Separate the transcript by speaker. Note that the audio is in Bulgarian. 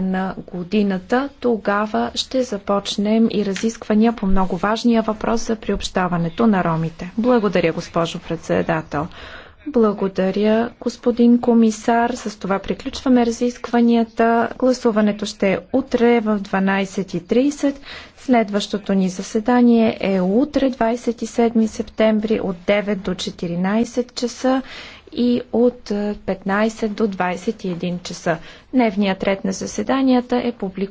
Speaker 1: на годината. Тогава ще започнем и разисквания по много важния въпрос за приобщаването на ромите. Благодаря, госпожо председател. Благодаря, господин комисар. С това приключваме разискванията. Гласуването ще е утре в 12.30. Следващото ни заседание е утре, 27 септември, от 9 до 14 часа и от 15 е, до 21 часа. Дневният ред на
Speaker 2: заседанията е публикуван.